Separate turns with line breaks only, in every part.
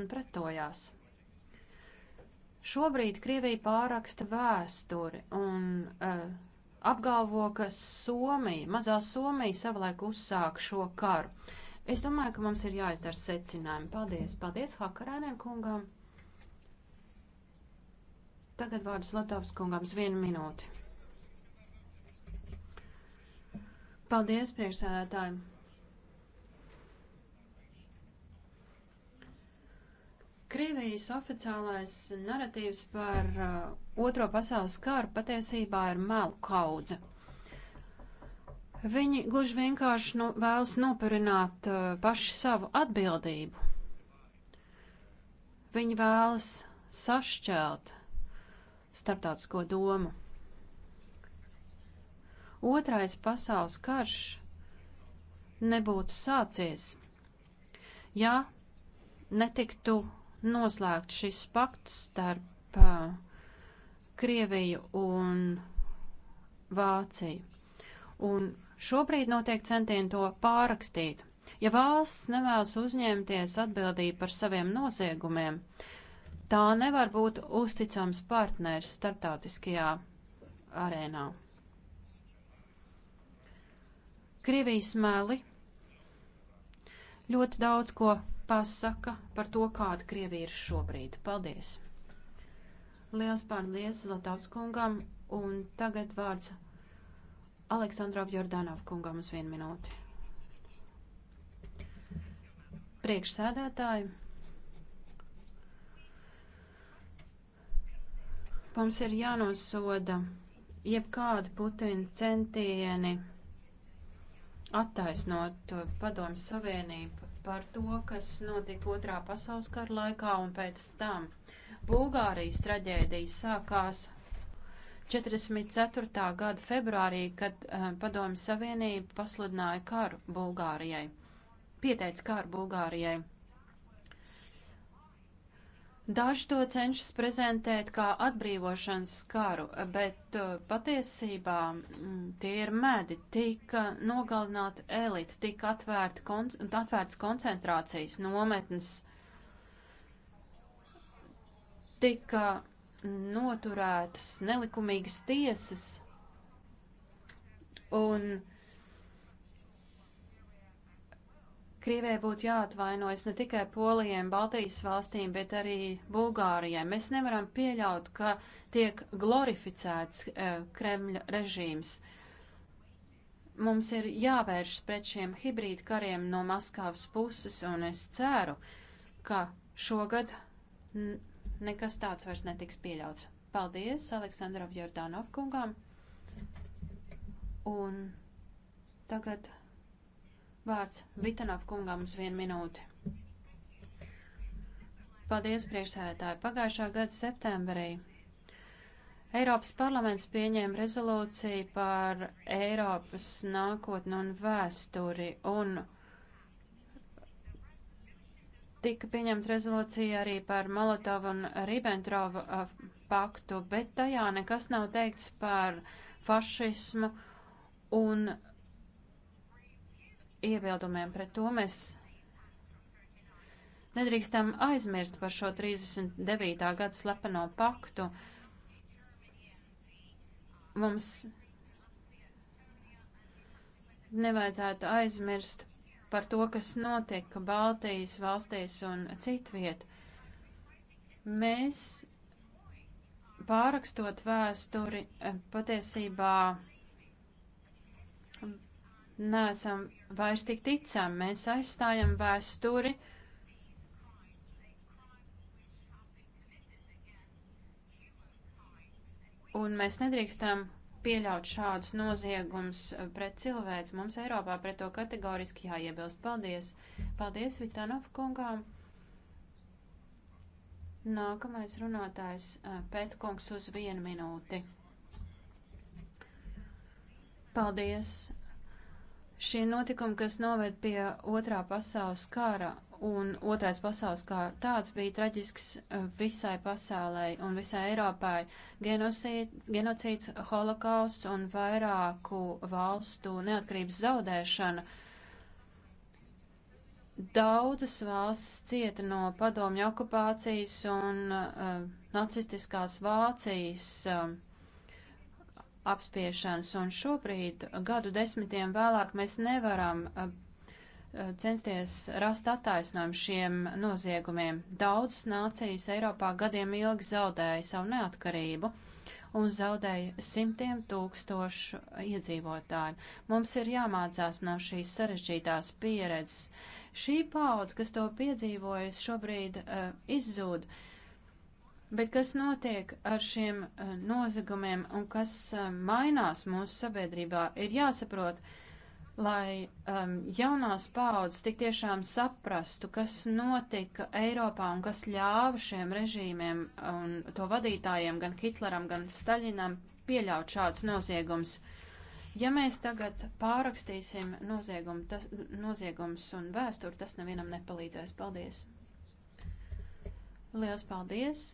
un pretojās. Šobrīd Krievija pāraksta vēsturi un uh, apgalvo, ka Somija, mazā Somija savulaik uzsāk šo karu. Es domāju, ka mums ir jāizdara secinājumi. Paldies, paldies Hakarēniem kungām. Tagad vārds Latovs kungām uz vienu minūti. Paldies, priekšsēdētāji. Krievijas oficiālais naratīvs par uh, Otro pasaules karu patiesībā ir melu kaudze. Viņi gluži vienkārši nu, vēlas nopirināt uh, paši savu atbildību. Viņi vēlas sašķelt starptautisko domu. Otrais pasaules karš nebūtu sācies, ja netiktu noslēgts šis pakts starp uh, Krieviju un Vāciju. Un šobrīd notiek centieni to pārakstīt. Ja valsts nevēlas uzņemties atbildību par saviem noziegumiem, tā nevar būt uzticams partners starptautiskajā arēnā. Krievijas meli ļoti daudz ko pasaka par to, kāda Krievija ir šobrīd. Paldies! Liels paldies Zlatovs kungam un tagad vārds Aleksandrov Jordanov kungam uz vienu minūti. Priekšsēdētāji, mums ir jānosoda jebkādi Putina centieni attaisnot Padomu Savienību par to, kas notika otrā pasaules kara laikā un pēc tam. Bulgārijas traģēdija sākās 44. gada februārī, kad uh, Padomju Savienība pasludināja karu Bulgārijai, pieteica karu Bulgārijai. Daži to cenšas prezentēt kā atbrīvošanas karu, bet uh, patiesībā mm, tie ir medi. Tika nogalināta elita, tika atvērta konc atvērts koncentrācijas nometnes, tika noturētas nelikumīgas tiesas un Krievijai būtu jāatvainojas ne tikai Polijiem, Baltijas valstīm, bet arī Bulgārijai. Mēs nevaram pieļaut, ka tiek glorificēts e, Kremļa režīms. Mums ir jāvēršas pret šiem hibrīd kariem no Maskavas puses, un es ceru, ka šogad nekas tāds vairs netiks pieļauts. Paldies Aleksandrov Jordānov kungam. Un tagad Vārds Vitanov kungam uz vienu minūti. Paldies, priekšsēdētāji. Pagājušā gada septembrī Eiropas parlaments pieņēma rezolūciju par Eiropas nākotni un vēsturi, un tika pieņemta rezolūcija arī par Molotovu un Ribbentrovu paktu, bet tajā nekas nav teikts par fašismu un iebildumiem pret to mēs nedrīkstam aizmirst par šo 39. gada slepeno paktu. Mums nevajadzētu aizmirst par to, kas notika Baltijas valstīs un citviet. Mēs pārakstot vēsturi eh, patiesībā neesam vairs tik ticami. Mēs aizstājam vēsturi. Un mēs nedrīkstam pieļaut šādus noziegumus eh, pret cilvēks. Mums Eiropā pret to kategoriski jāiebilst. Paldies! Paldies Vitanov kungām! Nākamais runātājs eh, Pētkungs uz vienu minūti. Paldies! Šie notikumi, kas noved pie otrā pasaules kara un otrais pasaules kā tāds bija traģisks e, visai pasaulē un visai Eiropai. Genocīd, genocīds, holokausts un vairāku valstu neatkarības zaudēšana. Daudzas valsts cieta no padomju okupācijas un uh, nacistiskās Vācijas. Uh, apspiešanas, un šobrīd, gadu desmitiem vēlāk, mēs nevaram uh, uh, censties rast attaisnojumu šiem noziegumiem. Daudzas nācijas Eiropā gadiem ilgi zaudēja savu neatkarību un zaudēja simtiem tūkstošu iedzīvotāju. Mums ir jāmācās no šīs sarežģītās pieredzes. Šī paudze, kas to piedzīvojas, šobrīd uh, izzūda. Uh, Bet kas notiek ar šiem eh, nozagumiem un kas eh, mainās mūsu sabiedrībā, ir jāsaprot, lai um, jaunās paudzes tik tiešām saprastu, kas notika Eiropā un kas ļāva šiem režīmiem un to vadītājiem, gan Hitleram, gan Staļinam, pieļaut šādus noziegumus. Ja mēs tagad pārakstīsim noziegumu, tas, noziegums un vēsturi, tas nevienam nepalīdzēs. Paldies! Lielas paldies!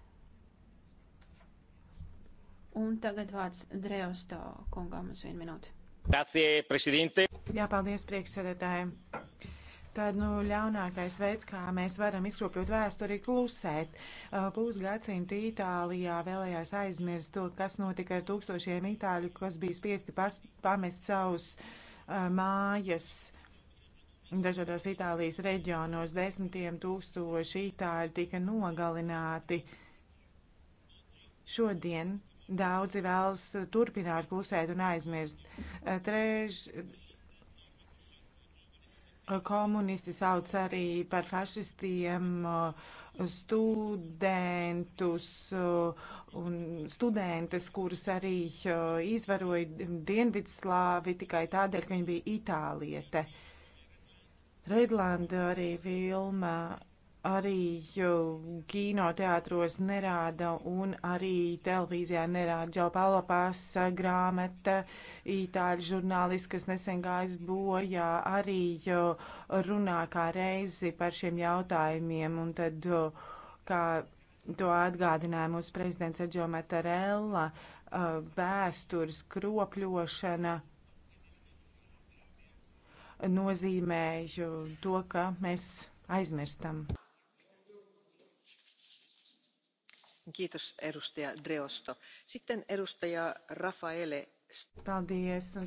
Un tagad
vārds Dreosto kungam uz vienu minūti. Jā, paldies priekšsēdētājiem. Tad nu, ļaunākais veids, kā mēs varam izkropļot vēsturi, ir klusēt. Uh, Pusgadsimta Itālijā vēlējās aizmirst to, kas notika ar tūkstošiem itāļu, kas bija spiesti pas, pamest savus uh, mājas. Dažādos Itālijas reģionos desmitiem tūkstoši itāļi tika nogalināti. Šodien Daudzi vēlas turpināt klusēt un aizmirst. Eh, Trež, eh, komunisti sauc arī par fašistiem eh, studentus un studentes, kuras arī izvaroja Dienvidslāvi tikai tādēļ, ka viņa bija itāliete. Redlanda arī Vilma arī kinoteātros nerāda un arī televīzijā nerāda Džaupalo pasa grāmata, itāļu žurnālisti, kas nesen gājas bojā, arī runā kā reizi par šiem jautājumiem un tad, kā to atgādināja mūsu prezidents Edžo Matarella, vēstures kropļošana nozīmēju to, ka mēs aizmirstam. Paldies, un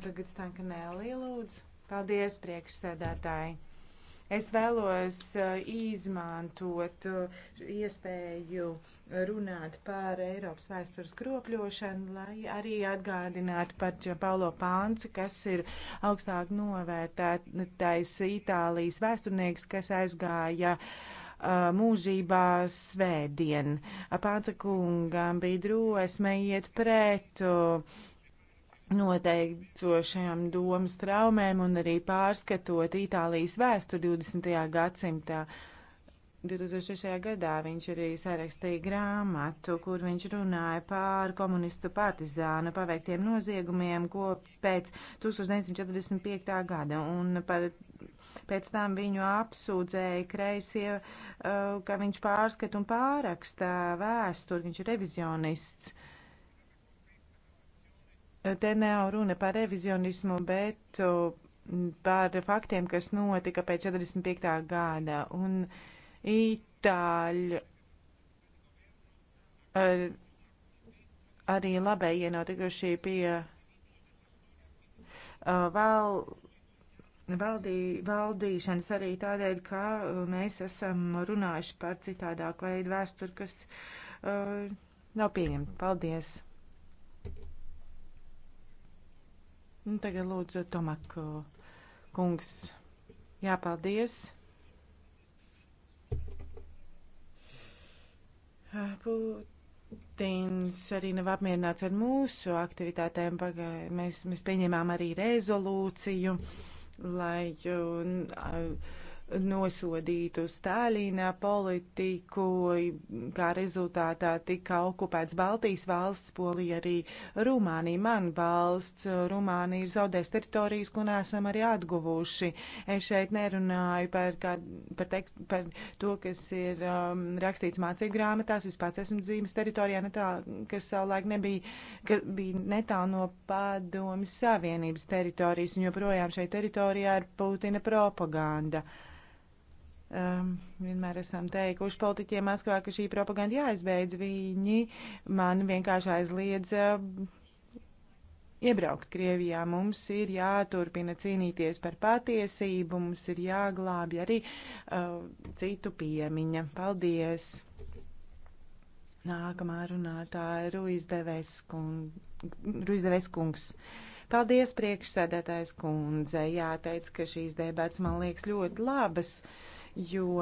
tagad Stankanēlī lūdzu. Paldies, priekšsēdētāji. Es vēlos eh, izmantot eh, iespēju runāt par Eiropas vēstures kropļošanu, lai arī atgādinātu par Paulo Pānci, kas ir augstāk novērtētais Itālijas vēsturnieks, kas aizgāja uh, mūžībā svētdien. Pāca kungām bija drosme iet pret noteiktošajām domas traumēm un arī pārskatot Itālijas vēsturi 20. gadsimtā. 2006. gadā viņš arī sarakstīja grāmatu, kur viņš runāja pār komunistu partizānu paveiktiem noziegumiem, ko pēc 1945. gada un par Pēc tam viņu apsūdzēja kreisie, uh, ka viņš pārskat un pāraksta vēsturi, viņš ir revizionists. Te nav runa par revizionismu, bet uh, par faktiem, kas notika pēc 45. gada. Un itāļu ar, arī labējie nav tikuši pie uh, vēl valdī, valdīšanas arī tādēļ, ka uh, mēs esam runājuši par citādāku veidu vēsturi, kas uh, nav pieņemta. Paldies! Nu, tagad lūdzu Tomak uh, kungs. Jā, paldies! Uh, Putins arī nav apmierināts ar mūsu aktivitātēm. Mēs, mēs pieņēmām arī rezolūciju lai. Uh, nosodītu Stāļīnā politiku, kā rezultātā tika okupēts Baltijas valsts, Polija arī Rumānija, man valsts, Rumānija ir zaudējis teritorijas, ko neesam arī atguvuši. Es šeit nerunāju par, kā, par, tekst, par to, kas ir um, rakstīts mācību grāmatās, es pats esmu dzīves teritorijā, netā, kas savulaik nebija, ka bija netālu no padomis Savienības teritorijas, un joprojām šai teritorijā ir Putina propaganda. Uh, Um, vienmēr esam teikuši politiķiem Maskavā, ka šī propaganda jāizbeidz. Viņi man vienkārši aizliedza ehm, iebraukt Krievijā. Mums ir jāturpina cīnīties par patiesību, mums ir jāglābj arī uh, citu piemiņa. Paldies! Nākamā runātāja Ruizdevēs kung, kungs. Paldies, priekšsēdētājs kundze. Jāteic, ka šīs debats man liekas ļoti labas. Uh, jo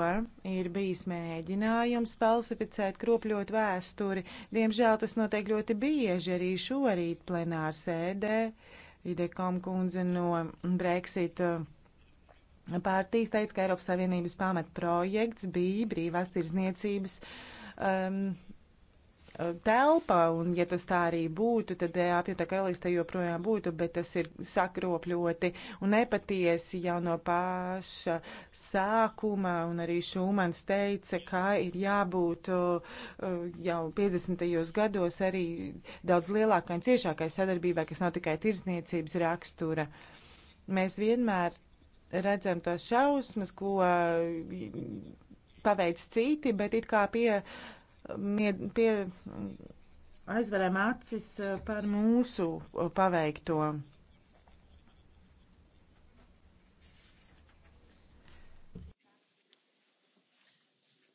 ir bijis mēģinājums falsificēt kropļot vēsturi. Diemžēl tas notiek ļoti bieži arī šorīt plenāra sēdē. Idekom kundze no Brexit uh, pārtīs teica, ka Eiropas Savienības pamatprojekts bija brīvās tirzniecības um, Eh, telpā, un ja tas tā arī būtu, tad eh, apjūtaka elīste joprojām būtu, bet tas ir sakropļoti un nepatiesi jau no paša sākuma, un arī Šūmans teica, ka ir jābūt eh, jau 50. gados arī daudz lielākai un ciešākai sadarbībai, kas nav tikai tirzniecības rakstura. Mēs vienmēr redzam tās šausmas, ko paveic citi, bet it kā pie uh, pie, aizveram acis eh, par mūsu eh, paveikto.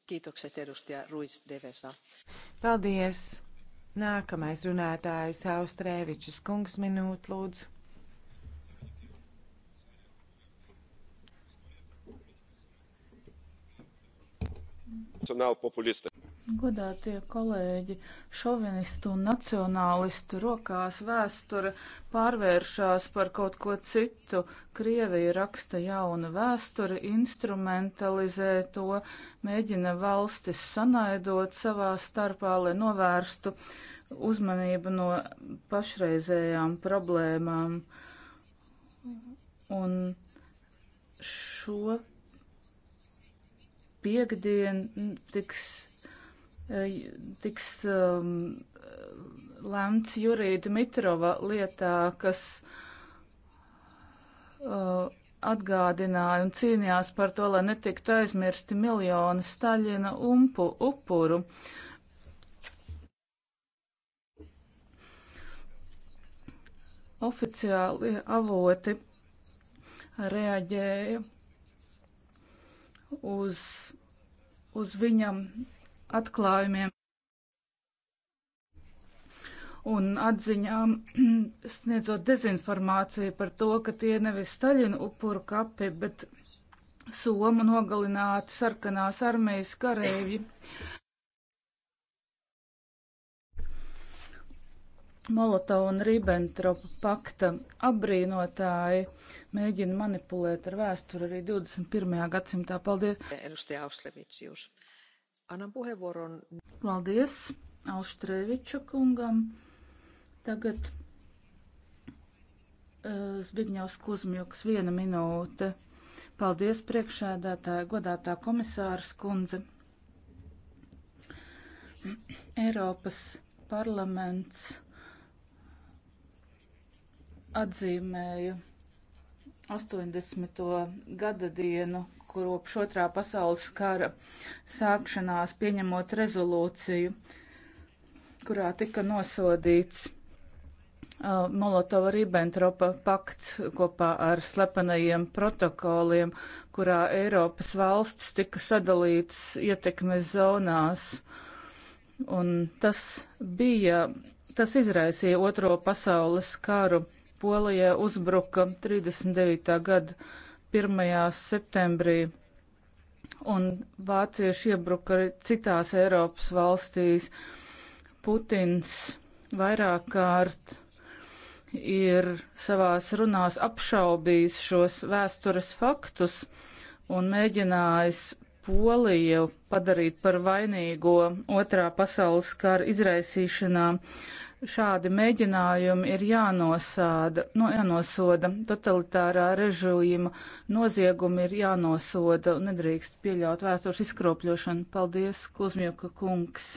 Kiitokset edustaja Ruiz Devesa. Paldies. Nākamais runātājs Austrēvičs kungs minūte lūdzu. nacionālpopulisti.
Godātie kolēģi, šovinistu un nacionālistu rokās vēsture pārvēršās par kaut ko citu. Krievija raksta jaunu vēsturi, instrumentalizē to, mēģina valstis sanaidot savā starpā, lai novērstu uzmanību no pašreizējām problēmām. Un šo piekdienu tiks tiks um, lemts Jurija Dmitrova lietā, kas uh, atgādināja un cīnījās par to, lai netiktu aizmirsti miljoni Staļina umpu, upuru. Oficiāli avoti reaģēja uz, uz viņam atklājumiem un atziņām, sniedzot dezinformāciju par to, ka tie nevis Staļina upuru kapi, bet Somu nogalināti sarkanās armijas karēvi. Molotova un Ribbentropa pakta apbrīnotāji mēģina manipulēt ar vēsturi arī 21. gadsimtā. Paldies! Edustaja Auslevits, jūs. Annan puheenvuoron. Paldies Alštreviča kungam. Tagad eh, Zbigņevs Kuzmjuks, viena minūte. Paldies priekšēdētāja, godātā komisāras kundze. Eiropas parlaments atzīmēja 80. gada dienu kopš otrā pasaules kara sākšanās pieņemot rezolūciju, kurā tika nosodīts uh, Molotova-Ribbentropa pakts kopā ar slepenajiem protokoliem, kurā Eiropas valsts tika sadalītas ietekmes zonās. Un tas bija, tas izraisīja otro pasaules karu. Polija uzbruka 39. gada 1. septembrī, un vācieši iebruka arī citās Eiropas valstīs. Putins vairāk kārt ir savās runās apšaubījis šos vēstures faktus un mēģinājis Poliju padarīt par vainīgo otrā pasaules kara izraisīšanā. Uh, Šādi mēģinājumi ir jānosāda, no, jānosoda. Totalitārā režīma noziegumi ir jānosoda un nedrīkst pieļaut vēstures izkropļošanu. Paldies, Kuzmjuka kungs!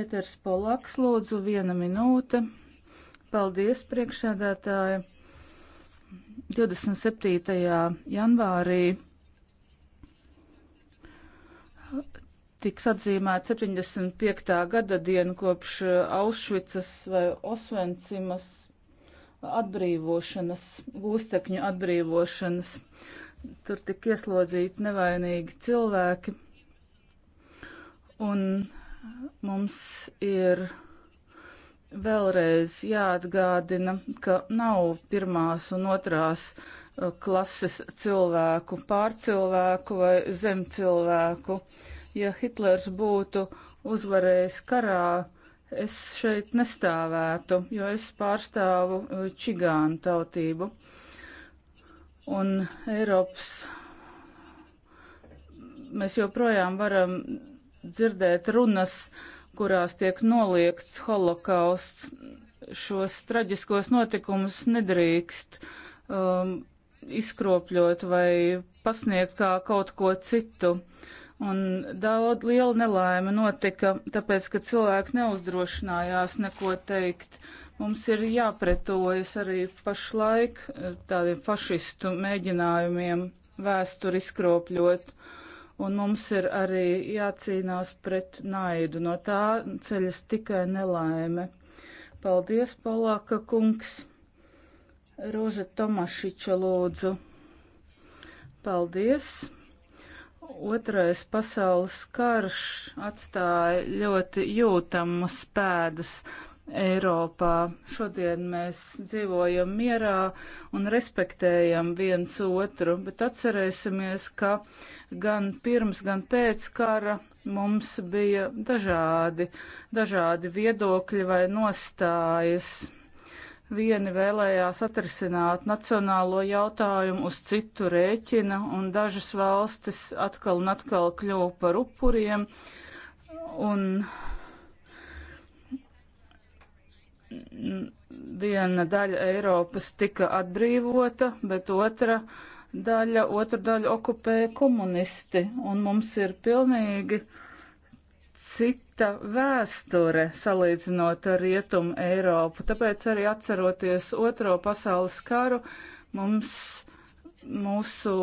Peters Polaks, lūdzu, viena minūte. Paldies, priekšsēdētāji. 27. janvārī tiks atzīmēta 75. gada diena kopš eh, Aušvicas vai Osvencimas atbrīvošanas, gūstekņu atbrīvošanas. Tur tika ieslodzīti nevainīgi cilvēki. Un mums ir vēlreiz jāatgādina, ka nav pirmās un otrās eh, klases cilvēku, pārcilvēku vai zemcilvēku. cilvēku ja Hitlers būtu uzvarējis karā, es šeit nestāvētu, jo es pārstāvu e, čigānu tautību. Un Eiropas mēs joprojām varam dzirdēt runas, kurās tiek noliegts holokausts. Šos traģiskos notikumus nedrīkst um, izkropļot vai pasniegt kā kaut ko citu. Uh, Un daudz liela nelaime notika, tāpēc, ka cilvēki neuzdrošinājās neko teikt. Mums ir jāpretojas arī pašlaik eh, tādiem fašistu mēģinājumiem vēsturi izkropļot. Un mums ir arī jācīnās pret naidu. No tā ceļas tikai nelaime. Paldies, Palāka kungs! Roža Tomašiča lūdzu. Paldies! Otrais pasaules karš atstāja ļoti jūtamas pēdas Eiropā. Šodien mēs dzīvojam mierā un respektējam viens otru, bet atcerēsimies, ka gan pirms, gan pēc kara mums bija dažādi, dažādi viedokļi vai nostājas Vieni vēlējās atrisināt nacionālo jautājumu uz citu rēķina, un dažas valstis atkal un atkal kļuva par upuriem. Un viena daļa Eiropas tika atbrīvota, bet otra daļa, otra daļa okupēja komunisti, un mums ir pilnīgi cita vēsture salīdzinot ar Rietumu Eiropu. Tāpēc arī atceroties Otro pasaules karu, mums, mūsu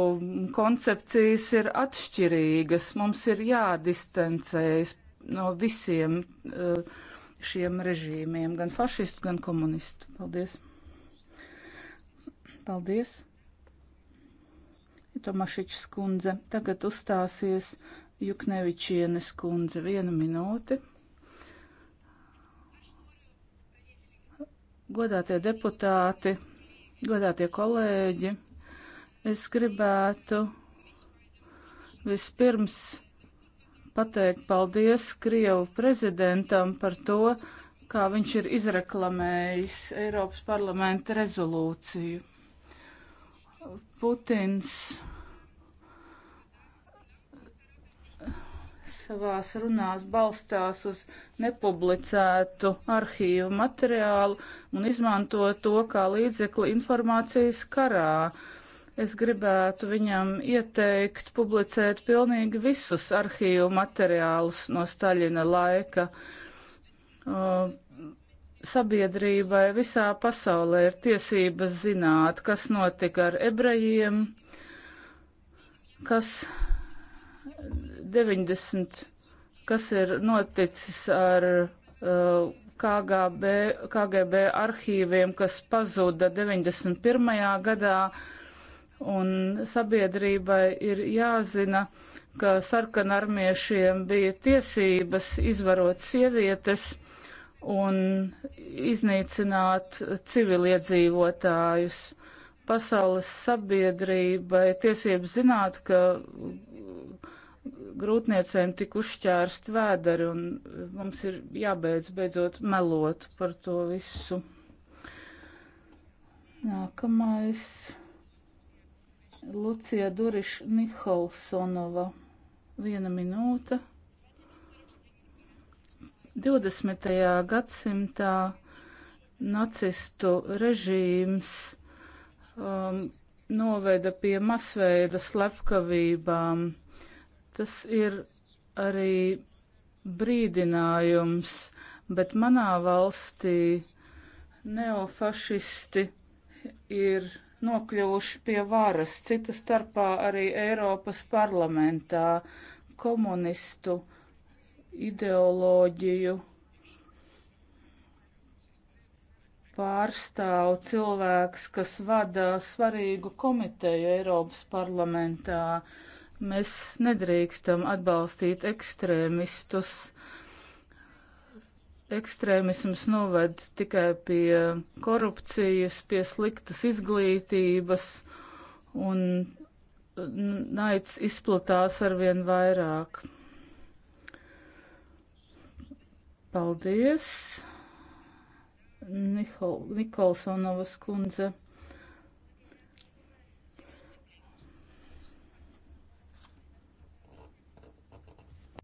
koncepcijas ir atšķirīgas. Mums ir jādistancējas no visiem eh, šiem režīmiem, gan fašistu, gan komunistu. Paldies! Paldies! Tomašiķis kundze tagad uzstāsies Juknevičienes kundze, viena minūte. Godātie deputāti, godātie kolēģi, es gribētu vispirms pateikt paldies Krievu prezidentam par to, kā viņš ir izreklamējis Eiropas parlamenta rezolūciju. Putins savās runās balstās uz nepublicētu arhīvu materiālu un izmanto to kā līdzekli informācijas karā. Es gribētu viņam ieteikt publicēt pilnīgi visus arhīvu materiālus no Staļina laika. Uh, sabiedrībai visā pasaulē ir tiesības zināt, kas notika ar ebrejiem, kas 90, kas ir noticis ar uh, KGB, KGB arhīviem, kas pazuda 91. gadā, un sabiedrībai ir jāzina, ka sarkanarmiešiem bija tiesības izvarot sievietes un iznīcināt civiliedzīvotājus pasaules sabiedrībai tiesības zināt, ka grūtniecēm tik uzšķērst vēderi un e, mums ir jābeidz beidzot melot par to visu. Nākamais Lucija Duriš Niholsonova. Viena minūte. 20. gadsimtā nacistu režīms um, noveda pie masveida slepkavībām Tas ir arī brīdinājums, bet manā valstī neofašisti ir nokļuvuši pie varas, cita starpā arī Eiropas parlamentā komunistu ideoloģiju pārstāv cilvēks, kas vada svarīgu komiteju Eiropas parlamentā. Uh, Mēs nedrīkstam atbalstīt ekstrēmistus. Ekstrēmisms noved tikai pie korupcijas, pie sliktas izglītības un naids izplatās arvien vairāk. Paldies, Nikolsonovas kundze.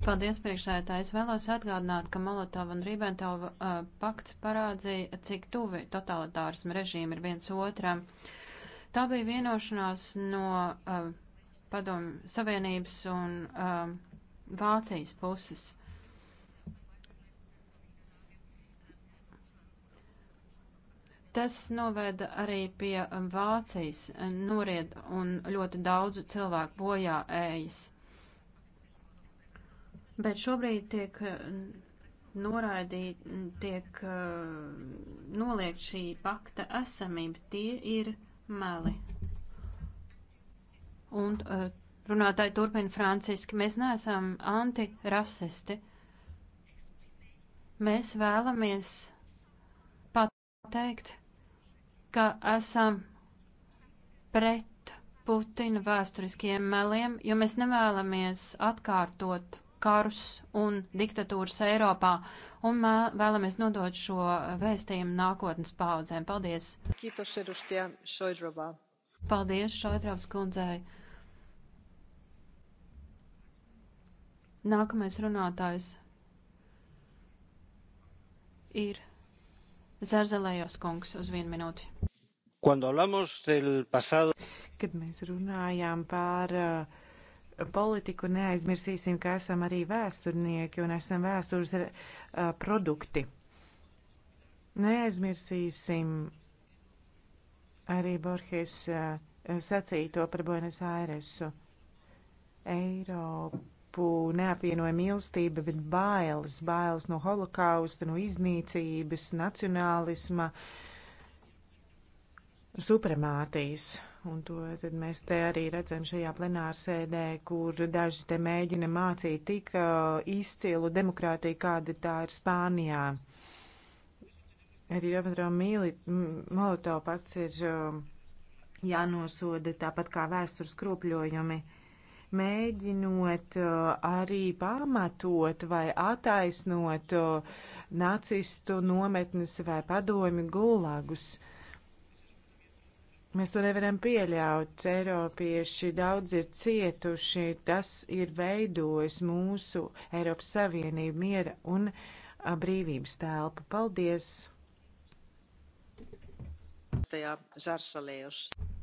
Paldies, priekšsēdētāji. Es vēlos atgādināt, ka Molotova un Ribentova uh, pakts parādzīja, cik tuvi totalitārismu režīmi ir viens otram. Tā bija vienošanās no uh, Padomju Savienības un uh, Vācijas puses. Tas noveda arī pie um, Vācijas uh, noried un ļoti daudzu cilvēku bojā ējas bet šobrīd tiek eh, noraidīt, tiek eh, noliegt šī pakta esamība. Tie ir meli. Un eh, runātāji turpina franciski, mēs neesam antirasisti. Mēs vēlamies pateikt, ka esam pret Putina vēsturiskajiem meliem, jo mēs nevēlamies atkārtot karus un diktatūras Eiropā, un vēlamies nodot šo vēstījumu nākotnes paudzēm. Paldies! Paldies, Šoidrovs kundzei! Nākamais runātājs ir
Zarzelējos kungs uz vienu minūti. Pasado... Kad mēs runājām par uh, politiku neaizmirsīsim, ka esam arī vēsturnieki un esam vēstures uh, produkti. Neaizmirsīsim arī Borges uh, sacīto par Buenos Airesu. Eiropu neapvienoja mīlestība, bet bailes, bailes no holokausta, no iznīcības, nacionālisma. Uh, supremātijas. Un to tad mēs te arī redzam šajā plenārsēdē, kur daži te mēģina mācīt tik uh, izcilu demokrātiju, kāda tā ir Spānijā. Arī Ribbentrop Molotov pakts ir uh, jānosoda tāpat kā vēstures kropļojumi, mēģinot uh, arī pamatot vai attaisnot uh, nacistu nometnes vai padomi gulagus. Uh, Mēs to nevaram pieļaut. Eiropieši daudz ir cietuši, tas ir veidojis mūsu Eiropas Savienību miera un brīvības telpu. Paldies!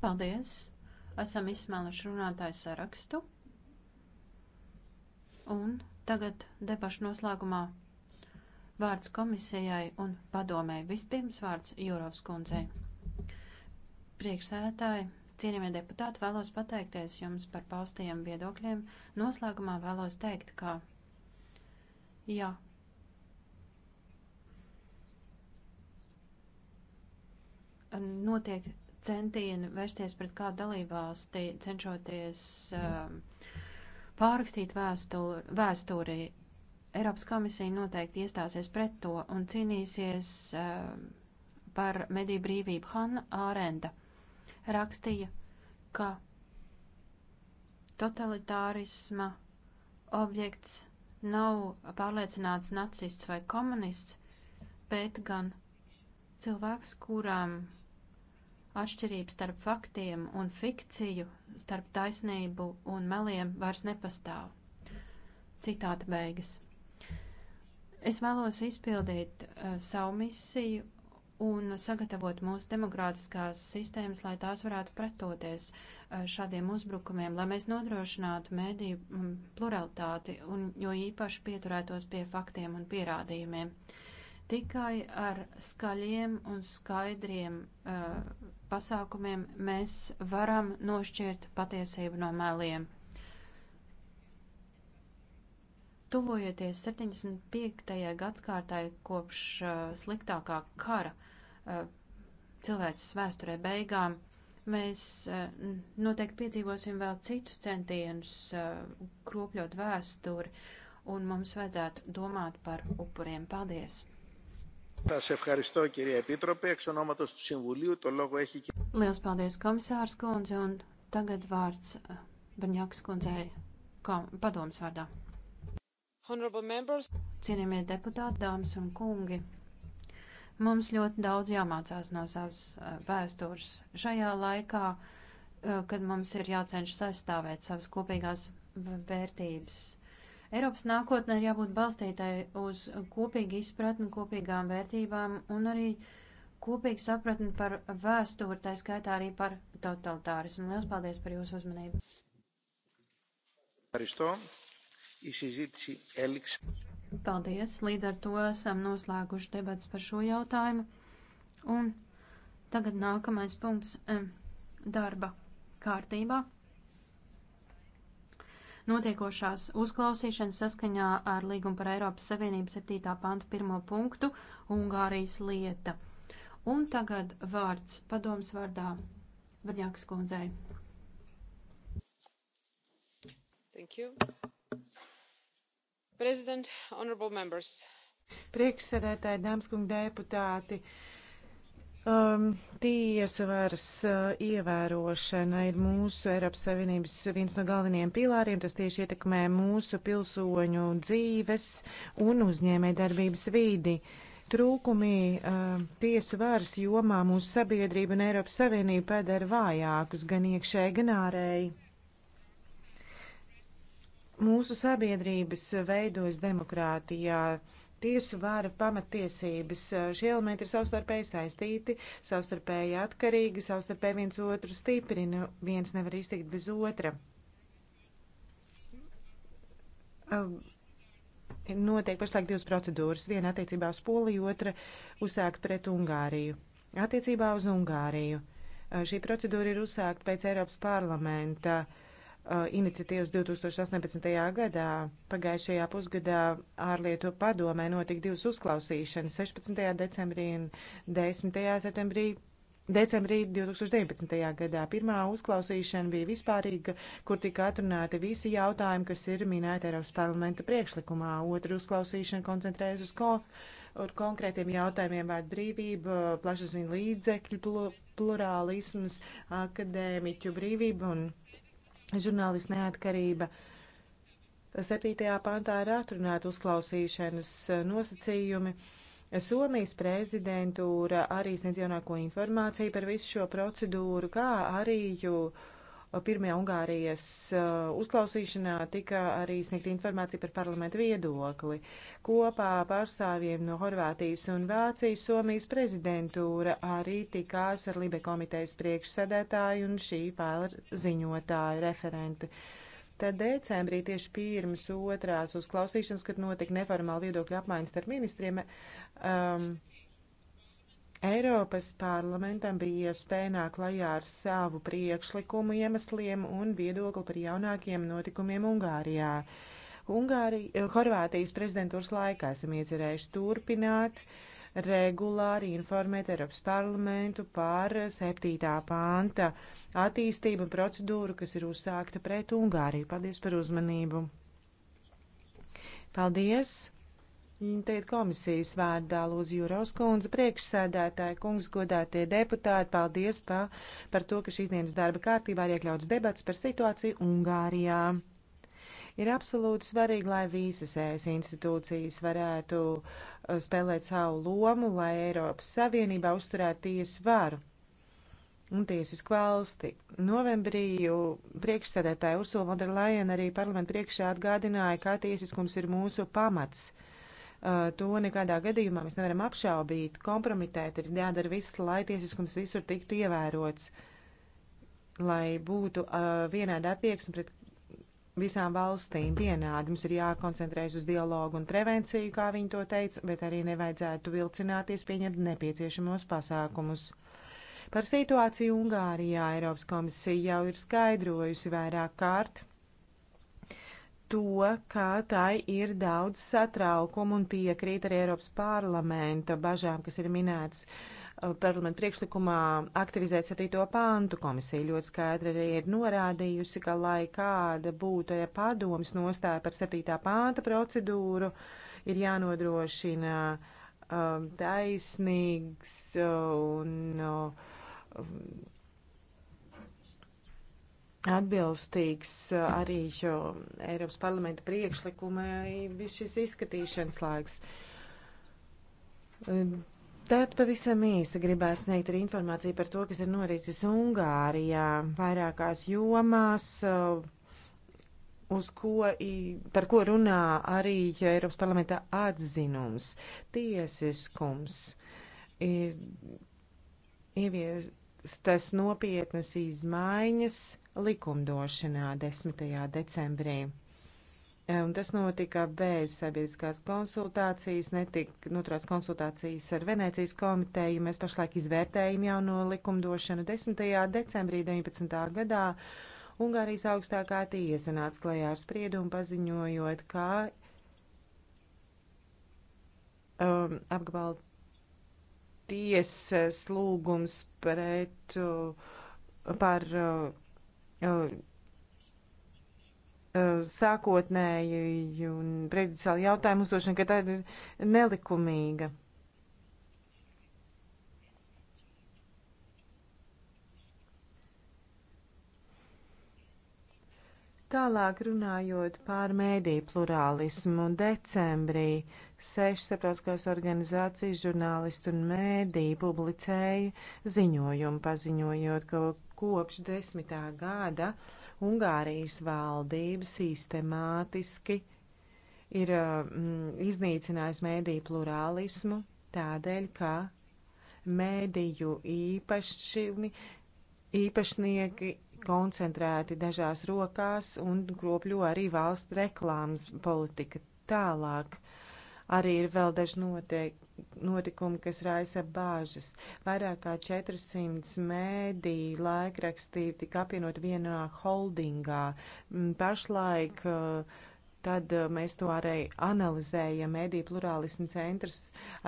Paldies!
Esam izsmēluši runātāju sarakstu. Un tagad debašu noslēgumā vārds komisijai un padomē. Vispirms vārds Jūrovs kundzei. Priekšsēdētāji, cienījamie deputāti, vēlos pateikties jums par paustajiem viedokļiem. Noslēgumā vēlos teikt, ka jā. Notiek centieni vērsties pret kādu dalībvalsti, cenšoties um, pārrakstīt vēsturi, vēsturi. Eiropas komisija noteikti iestāsies pret to un cīnīsies um, par mediju brīvību Hanna Ārenda rakstīja, ka totalitārisma objekts nav pārliecināts nacists vai komunists, bet gan cilvēks, kurām atšķirība starp faktiem un fikciju, starp taisnību un meliem vairs nepastāv. Citāta beigas. Es vēlos izpildīt uh, savu misiju un sagatavot mūsu demokrātiskās sistēmas, lai tās varētu pretoties šādiem uzbrukumiem, lai mēs nodrošinātu mēdīju pluralitāti un jo īpaši pieturētos pie faktiem un pierādījumiem. Tikai ar skaļiem un skaidriem uh, pasākumiem mēs varam nošķirt patiesību no meliem. Tuvojoties 75. gadskārtai kopš uh, sliktākā kara, uh, Eh, cilvēces vēsturē beigām, mēs eh, noteikti piedzīvosim vēl citus centienus eh, kropļot vēsturi, un mums vajadzētu domāt par upuriem. Paldies! Liels paldies, komisārs kundze, un tagad vārds Baņākas kundzei padoms vārdā.
Cienījamie
deputāti, dāmas un kungi! Mums ļoti daudz jāmācās no savas eh, vēstures šajā laikā, eh, kad mums ir jācenšas aizstāvēt savas kopīgās vērtības. Eiropas nākotnē ir jābūt balstītai uz kopīgu izpratni, kopīgām vērtībām un arī kopīgu sapratni par vēsturi, tā skaitā arī par totalitārismu. Lielas paldies par jūsu uzmanību!
Ευχαριστώ. Η συζήτηση
έληξε.
Paldies! Līdz ar to esam noslēguši debats par šo jautājumu. Un tagad nākamais punkts darba kārtībā. Notiekošās uzklausīšanas saskaņā ar līgumu par Eiropas Savienību 7. pantu 1. punktu Ungārijas lieta. Un tagad vārds padoms vārdā Varņākas kundzei. Thank you. Priekšsēdētāji,
dāmas kungi deputāti. Um, tiesu varas uh, ievērošana ir mūsu Eiropas Savienības viens no galvenajiem pilāriem. Tas tieši ietekmē mūsu pilsoņu dzīves un uzņēmē darbības vīdi. Trūkumi uh, tiesu varas jomā mūsu sabiedrību un Eiropas Savienību padara vājākus gan iekšēji, gan ārēji. Mūsu sabiedrības veidojas demokrātijā, tiesu vāra pamatiesības. Eh, šie elementi ir savstarpēji saistīti, savstarpēji atkarīgi, savstarpēji viens otru stiprina, viens nevar iztikt bez otra. Ehm, notiek pašlaik divas procedūras, viena attiecībā uz Poliju, otra uzsākt pret Ungāriju. Attiecībā uz Ungāriju. Eh, šī procedūra ir uzsākta pēc Eiropas parlamenta uh, Uh, iniciatīvas 2018. gadā. Pagājušajā pusgadā ārlietu padomē notika divas uzklausīšanas - 16. decembrī un 10. septembrī. Decembrī 2019. gadā pirmā uzklausīšana bija vispārīga, kur tika atrunāti visi jautājumi, kas ir minēti Eiropas parlamenta priekšlikumā. Otra uzklausīšana koncentrējas uz ko ar konkrētiem jautājumiem vārdu brīvība, plašsaziņa līdzekļu plurālisms, akadēmiķu brīvība un žurnālistu neatkarība. 7. pantā ir atrunāta uzklausīšanas eh, nosacījumi. Somijas prezidentūra arī sniedz jaunāko informāciju par visu šo procedūru, kā arī jau pirmajā Ungārijas uh, uzklausīšanā tika arī sniegta informācija par parlamentu viedokli. Kopā pārstāvjiem no Horvātijas un Vācijas Somijas prezidentūra arī tikās ar Libe komitejas priekšsēdētāju un šī faila ziņotāju referentu. Tad decembrī tieši pirms otrās uzklausīšanas, kad notika neformāla viedokļa apmaiņas starp ministriem, um, Eiropas parlamentam bija iespēja nāk klajā ar savu priekšlikumu iemesliem un viedokli par jaunākiem notikumiem Ungārijā. Ungārija, eh, Horvātijas prezidentūras laikā esam iecerējuši turpināt regulāri informēt Eiropas parlamentu par 7. panta attīstību un procedūru, kas ir uzsākta pret Ungāriju. Paldies par uzmanību! Paldies! Tagad komisijas vārdā lūdzu Jūraus kundze, priekšsēdētāja, kungs, godātie deputāti, paldies pa, par to, ka šīs dienas darba kārtībā ir iekļauts debats par situāciju Ungārijā. Ir absolūti svarīgi, lai visas ES institūcijas varētu uh, spēlēt savu lomu, lai Eiropas Savienībā uzturētu tiesu varu un tiesisku valsti. Novembrī priekšsēdētāja Ursula von der Leyen arī parlamentu priekšā atgādināja, kā tiesiskums ir mūsu pamats Eh, to nekādā gadījumā mēs nevaram apšaubīt, kompromitēt, ir jādara viss, lai tiesiskums visur tiktu ievērots, lai būtu uh, vienāda attieksme pret visām valstīm vienādi. Mums ir jākoncentrējas uz dialogu un prevenciju, kā viņi to teica, bet arī nevajadzētu vilcināties pieņemt nepieciešamos pasākumus. Par situāciju Ungārijā Eiropas komisija jau ir skaidrojusi vairāk kārt to, ka tai ir daudz satraukumu un piekrīt arī Eiropas parlamenta bažām, kas ir minētas uh, parlamenta priekšlikumā aktivizēts arī to pāntu komisija. Ļoti skaidri arī ir norādījusi, ka lai kāda būtu ja padomas nostāja par 7. pānta procedūru, ir jānodrošina um, taisnīgs uh, un um, atbilstīgs uh, arī Eiropas parlamenta priekšlikumai viss šis izskatīšanas laiks. Uh, tad pavisam īsi gribētu sniegt arī informāciju par to, kas ir noricis Ungārijā vairākās jomās, uh, uz ko, par ko runā arī Eiropas parlamenta atzinums. Tiesiskums ir ieviestas nopietnas izmaiņas likumdošanā 10. decembrī. E, un tas notika bez sabiedriskās konsultācijas, netika noturēts konsultācijas ar Venēcijas komiteju. Mēs pašlaik izvērtējam jauno likumdošanu 10. decembrī 19. gadā. Ungārijas augstākā tiesa nāca klajā ar spriedumu paziņojot, ka um, apgabala tiesas lūgums pret, uh, par uh, sākotnēji un prejudiciāli jautājumu uzdošana, ka tā ir nelikumīga. Tālāk runājot par mēdī plurālismu decembrī, uh, Seši starptautiskās organizācijas žurnālisti un mēdīji publicēja ziņojumu, paziņojot, ka kopš desmitā gada Ungārijas valdība sistemātiski ir mm, iznīcinājusi mēdīju plurālismu tādēļ, ka mēdīju īpašumi, īpašnieki koncentrēti dažās rokās un kropļo arī valsts reklāmas politika tālāk. Arī ir vēl daži noteikti notikumi, kas raisa bāžas. Vairāk kā 400 mēdī laikrakstī tika apvienot vienā holdingā. Mm, pašlaik eh, tad eh, mēs to arī analizējam. Mēdī plurālismu centrs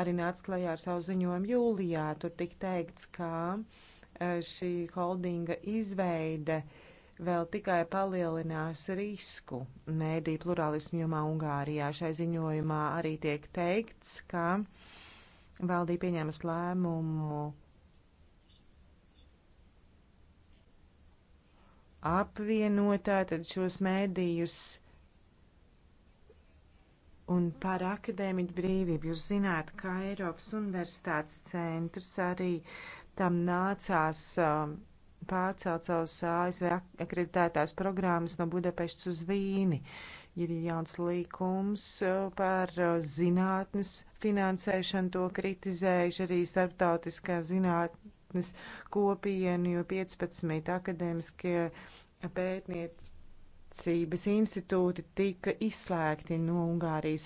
arī nāca klajā ar savu ziņojumu jūlijā. Tur tik teikts, ka eh, šī holdinga izveide uh, vēl tikai palielinās risku mēdī plurālismu jomā Ungārijā. Šai ziņojumā arī tiek teikts, ka valdība pieņēmas lēmumu apvienotā tad šos mēdījus un par akadēmiķu brīvību. Jūs zināt, ka Eiropas Universitātes centrs arī tam nācās uh, um, pārcelt savus ASV akreditētās programmas no Budapeštas uz Vīni. Ir jauns līkums uh, par uh, zinātnes finansēšanu, to kritizējuši arī starptautiskā zinātnes kopiena, jo 15 akadēmiskie pētnieki pētniecības institūti tika izslēgti no Ungārijas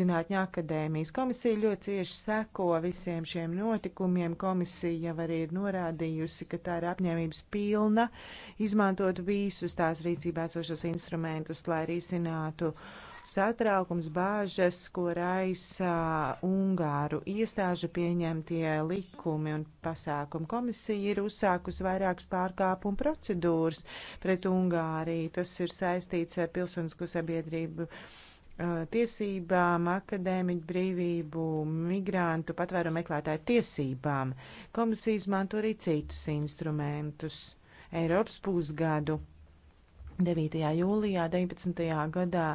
zinātņu akadēmijas. Komisija ļoti cieši seko visiem šiem notikumiem. Komisija jau arī ir norādījusi, ka tā ir apņēmības pilna izmantot visus tās rīcībā esošos instrumentus, lai risinātu uh, satraukums, bāžas, ko raisa Ungāru iestāžu pieņemtie likumi un pasākumi. Komisija ir uzsākus vairākas pārkāpumu procedūras pret Ungāriju. Tas ir saistīts ar pilsonisko sabiedrību tiesībām, akadēmiķu brīvību, migrantu patvēru meklētāju tiesībām. Komisija izmanto arī citus instrumentus. Eiropas pusgadu 9. jūlijā 19. gadā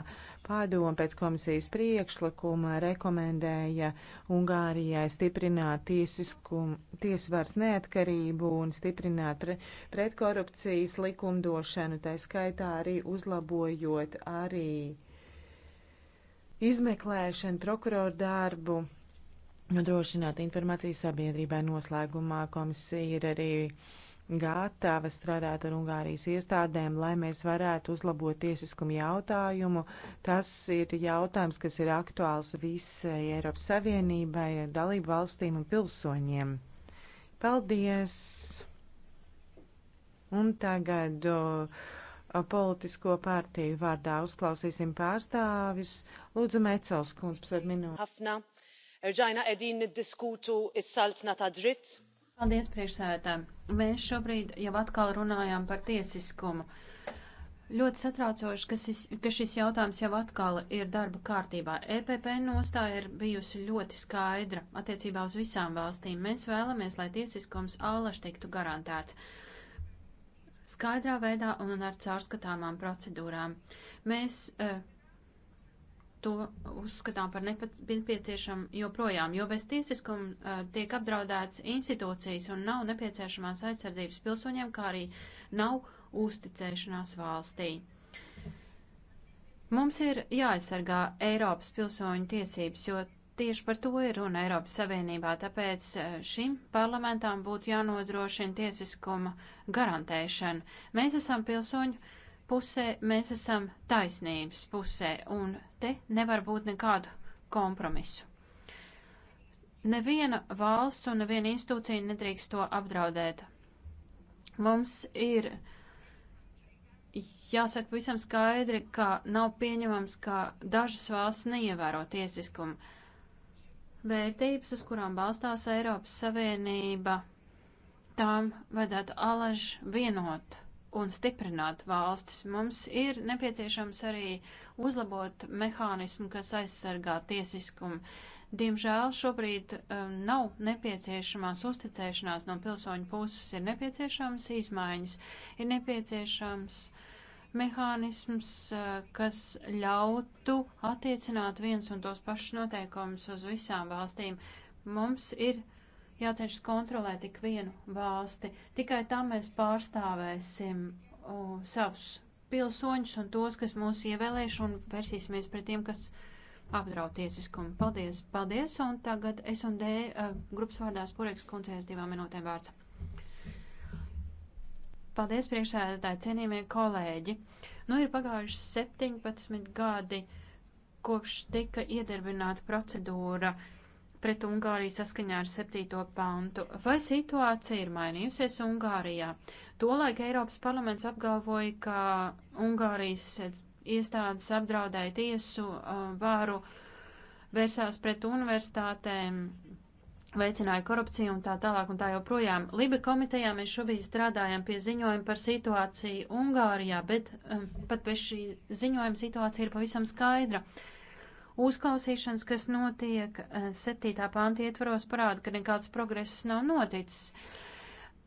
pārdomu pēc komisijas priekšlikuma rekomendēja Ungārijai stiprināt tiesvars neatkarību un stiprināt pre pretkorupcijas likumdošanu, tā skaitā arī uzlabojot arī izmeklēšanu, prokuroru darbu, nodrošināt informāciju sabiedrībai noslēgumā komisija ir arī uh, gatava strādāt ar Ungārijas iestādēm, lai mēs varētu uzlabot tiesiskumu jautājumu. Tas ir jautājums, kas ir aktuāls visai Eiropas Savienībai, dalību valstīm un pilsoņiem. Paldies! Un tagad o, politisko partiju vārdā uzklausīsim pārstāvis. Lūdzu, Mecels kundz, pēc minūtes. Hafna, Erģaina Edīna diskutu izsaltna tā
dritt. Paldies, priekšsēdētāji mēs šobrīd jau atkal runājām par tiesiskumu. Ļoti satraucoši, ka šis, ka šis jautājums jau atkal ir darba kārtībā. EPP nostāja ir bijusi ļoti skaidra attiecībā uz visām valstīm. Mēs vēlamies, lai tiesiskums allaž tiktu garantēts skaidrā veidā un ar caurskatāmām procedūrām. Mēs uh, to uzskatām par nepieciešamu joprojām, jo bez tiesiskuma uh, tiek apdraudēts institūcijas un nav nepieciešamās aizsardzības pilsoņiem, kā arī nav uzticēšanās valstī. Mums ir jāaizsargā Eiropas pilsoņu tiesības, jo tieši par to ir runa Eiropas Savienībā, tāpēc uh, šim parlamentām būtu jānodrošina tiesiskuma garantēšana. Mēs esam pilsoņu pusē, mēs esam taisnības pusē, un te nevar būt nekādu kompromisu. Neviena valsts un neviena institūcija nedrīkst to apdraudēt. Mums ir jāsaka pavisam skaidri, ka nav pieņemams, ka dažas valsts neievēro tiesiskumu. Vērtības, uz kurām balstās Eiropas Savienība, tām vajadzētu alaž vienot un stiprināt valstis. Mums ir nepieciešams arī uzlabot mehānismu, kas aizsargā tiesiskumu. Diemžēl šobrīd um, nav nepieciešamās uzticēšanās no pilsoņu puses, ir nepieciešams izmaiņas, ir nepieciešams mehānisms, uh, kas ļautu attiecināt viens un tos pašus noteikumus uz visām valstīm. Mums ir jācenšas kontrolēt tik vienu valsti. Tikai tā mēs pārstāvēsim o, savus pilsoņus un tos, kas mūs ievēlēšu un versīsimies pret tiem, kas apdraud tiesiskumu. Paldies, paldies, un tagad es un D uh, grupas vārdā Spureks kundzēs divām minūtēm vārds. Paldies, priekšsēdētāji, cienījamie kolēģi. Nu, ir pagājuši 17 gadi, kopš tika iedarbināta procedūra uh, pret Ungāriju saskaņā ar 7. pantu. Vai situācija ir mainījusies Ungārijā? Tolaik Eiropas parlaments apgalvoja, ka Ungārijas iestādes apdraudēja tiesu uh, vāru, vērsās pret universitātēm, veicināja korupciju un tā tālāk un tā joprojām. Liba komitejā mēs šobrīd strādājam pie ziņojuma par situāciju Ungārijā, bet um, pat bez šī ziņojuma situācija ir pavisam skaidra. Uh, Uzklausīšanas, kas notiek 7. Eh, pānta ietvaros, parāda, ka nekāds progress nav noticis.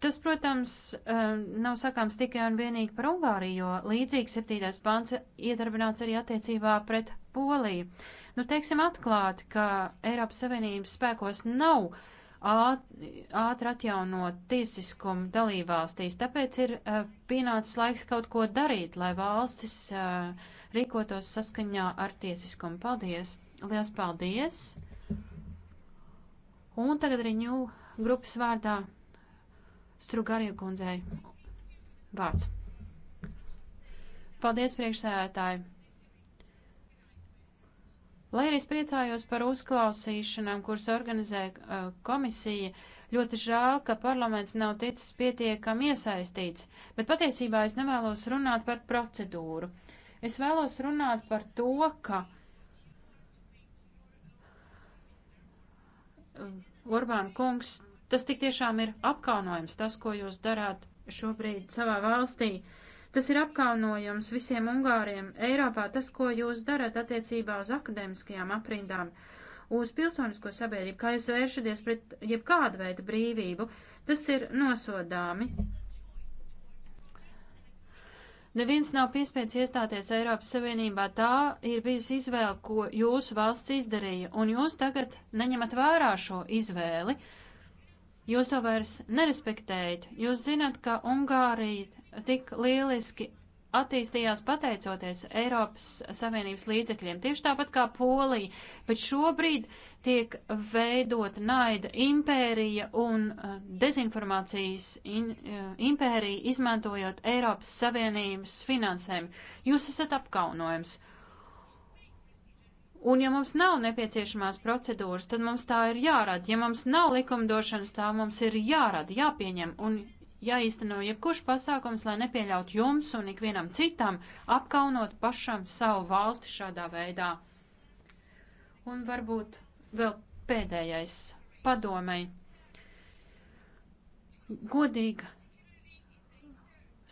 Tas, protams, eh, nav sakāms tikai un vienīgi par Ungāriju, jo līdzīgi 7. pāns iedarbināts arī attiecībā pret Poliju. Nu, teiksim atklāti, ka Eiropas Savienības spēkos nav ātri atjaunot tiesiskumu dalībvalstīs, tāpēc ir eh, pienācis laiks kaut ko darīt, lai valstis uh, rīkotos saskaņā ar tiesiskumu. Paldies! Lielas paldies! Un tagad arī ņū grupas vārdā Strugarija kundzei vārds. Paldies, priekšsēdētāji! Lai arī es priecājos par uzklausīšanām, kuras organizē uh, komisija, ļoti žēl, ka parlaments nav ticis pietiekami iesaistīts, bet patiesībā es nevēlos runāt par procedūru. Es vēlos runāt par to, ka Urbāna kungs, tas tik tiešām ir apkaunojums, tas, ko jūs darāt šobrīd savā valstī. Tas ir apkaunojums visiem Ungāriem Eiropā, tas, ko jūs darat attiecībā uz akadēmiskajām aprindām, uz pilsonisko sabiedrību, kā jūs vēršaties pret jebkādu veidu brīvību, tas ir nosodāmi. Neviens nav piespiedz iestāties Eiropas Savienībā. Tā ir bijusi izvēle, ko jūsu valsts izdarīja, un jūs tagad neņemat vērā šo izvēli. Jūs to vairs nerespektējat. Jūs zinat, ka Ungārija tik lieliski attīstījās pateicoties Eiropas Savienības līdzekļiem, tieši tāpat kā Polija, bet šobrīd tiek veidota naida impērija un uh, dezinformācijas in, uh, impērija, izmantojot Eiropas Savienības finansēm. Jūs esat apkaunojums. Un ja mums nav nepieciešamās procedūras, tad mums tā ir jārada. Ja mums nav likumdošanas, tā mums ir jārada, jāpieņem un jāīsteno jebkurš pasākums, lai nepieļaut jums un ikvienam citam apkaunot pašam savu valsti šādā veidā. Un varbūt vēl pēdējais padomei. Godīga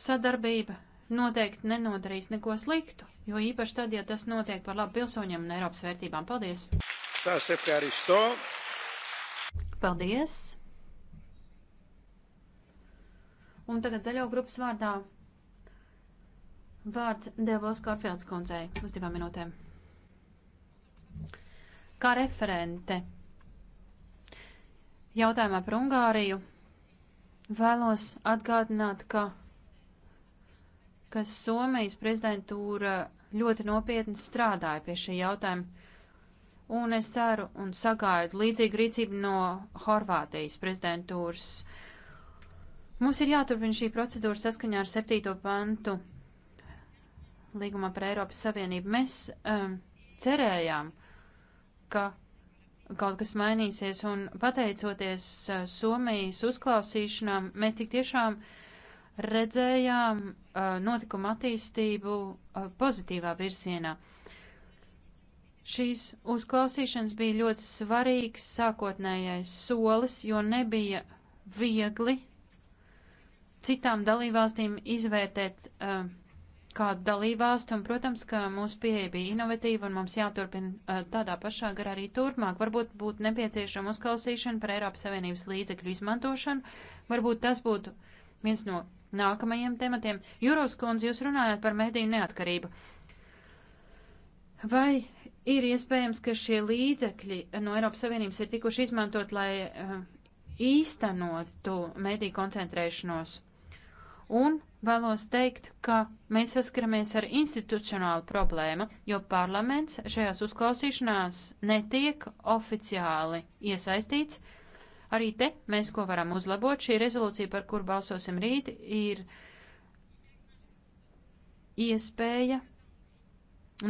sadarbība noteikti nenodarīs neko sliktu, jo īpaši tad, ja tas notiek par labu pilsoņiem un Eiropas vērtībām. Paldies! Paldies! Un tagad zaļo grupas vārdā vārds Devos Korfields kundzei uz divām minūtēm. Kā referente jautājumā par Ungāriju vēlos atgādināt, ka, ka Somijas prezidentūra ļoti nopietni strādāja pie šī jautājuma un es ceru un sagaidu līdzīgu rīcību no Horvātijas prezidentūras. Mums ir jāturpina šī procedūra saskaņā ar 7. pantu līgumā par Eiropas Savienību. Mēs um, cerējām, ka kaut kas mainīsies, un pateicoties uh, Somijas uzklausīšanām, mēs tik tiešām redzējām uh, notikumu attīstību uh, pozitīvā virzienā. Šīs uzklausīšanas bija ļoti svarīgs sākotnējais solis, jo nebija viegli citām dalībvalstīm izvērtēt uh, kādu dalībvalstu, un, protams, ka mūsu pieeja bija inovatīva, un mums jāturpina uh, tādā pašā garā arī turpmāk. Varbūt būtu nepieciešama uzklausīšana par Eiropas Savienības līdzekļu izmantošanu, varbūt tas būtu viens no nākamajiem tematiem. Jūros kundze, jūs runājat par mediju neatkarību. Vai ir iespējams, ka šie līdzekļi no Eiropas Savienības ir tikuši izmantot, lai uh, īstenotu mediju koncentrēšanos? un vēlos teikt, ka mēs saskaramies ar institucionālu problēmu, jo parlaments šajās uzklausīšanās netiek oficiāli iesaistīts. Arī te mēs ko varam uzlabot. Šī rezolūcija, par kur balsosim rīt, ir iespēja